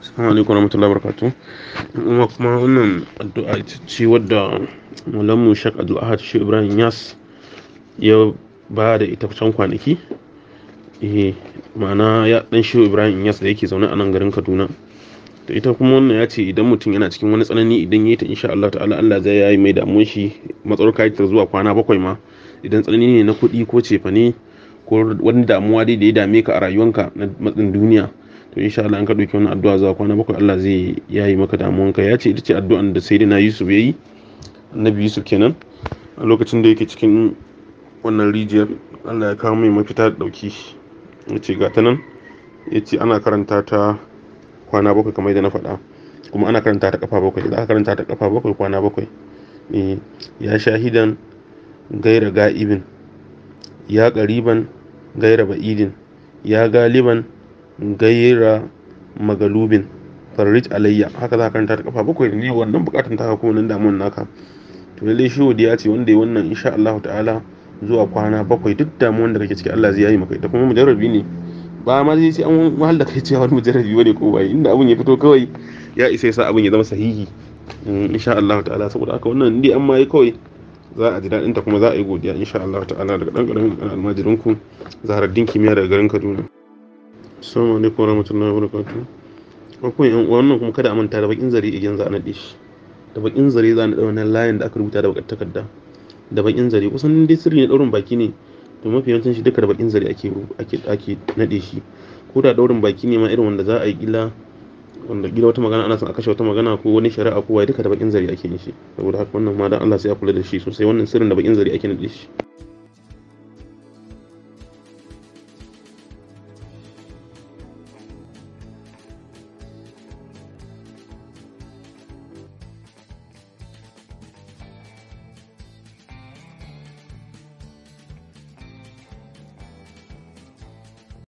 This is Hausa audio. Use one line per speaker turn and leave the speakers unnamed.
Assalamu alaikum warahmatullahi wabarakatuh. Kuma kuma wannan addu'a ita ce wadda Maulana Sheikh Abdul Ahad Sheikh Ibrahim Yas ya ba da ita can kwanaki. Eh, ma'ana ya dan Sheikh Ibrahim Yas da yake zaune a nan garin Kaduna. To ita kuma wannan ya ce idan mutum yana cikin wani tsanani idan yayi ta insha Allah ta'ala Allah zai yayi mai damuwar shi matsarka ta zuwa kwana bakwai ma idan tsanani ne na kuɗi ko cefane ko wani damuwa dai da ya dame ka a rayuwanka na matsin duniya. to insha Allah an ka dauki wannan addu'a zuwa kwana bakwai Allah zai yayi maka damuwanka ya ce ita ce addu'an da sayyidina Yusuf yayi annabi Yusuf kenan a lokacin da yake cikin wannan rijiyar Allah ya kawo mai mafita da dauki ce ga ta nan ya ce ana karanta ta kwana bakwai kamar yadda na faɗa kuma ana karanta ta kafa bakwai idan aka karanta ta kafa bakwai kwana bakwai eh, ya shahidan gaira ga'ibin ya ƙariban gaira ba'idin ya galiban gaira magalubin farrij alayya haka za ka karanta da kafa bakwai ne wannan bukatun ta kuma nan damuwan naka to lalle shi ya ce wanda ya wannan insha Allah ta'ala zuwa kwana bakwai duk damuwan da kake ciki Allah zai yayi maka da kuma mujarrabi ne ba ma zai sai an wahal da kai cewa wani mujarrabi bane ko bai inda abun ya fito kawai ya isa sa abun ya zama sahihi mm, insha Allah ta'ala saboda haka wannan indai an ma yi kawai za a ji daɗinta kuma za a yi godiya insha Allah ta'ala daga ɗan ƙaramin almajirinku din kimiyya daga garin Kaduna Assalamu alaikum warahmatullahi wabarakatuh. Akwai yan wannan kuma kada a manta da bakin zare idan za a nade shi. Da bakin zare za a nade wannan layin da aka rubuta da bakar takarda. Da bakin zare kusan dai sirri ne daurin baki ne. To mafi yawancin shi duka da bakin zare ake ake ake nade shi. Ko da daurin baki ne ma irin wanda za a yi gila wanda gida wata magana ana son a kashe wata magana ko wani shari'a ko waye duka da bakin zare ake yin shi. Saboda haka wannan ma dan Allah sai a kula da shi sosai wannan sirrin da bakin zare ake nade shi.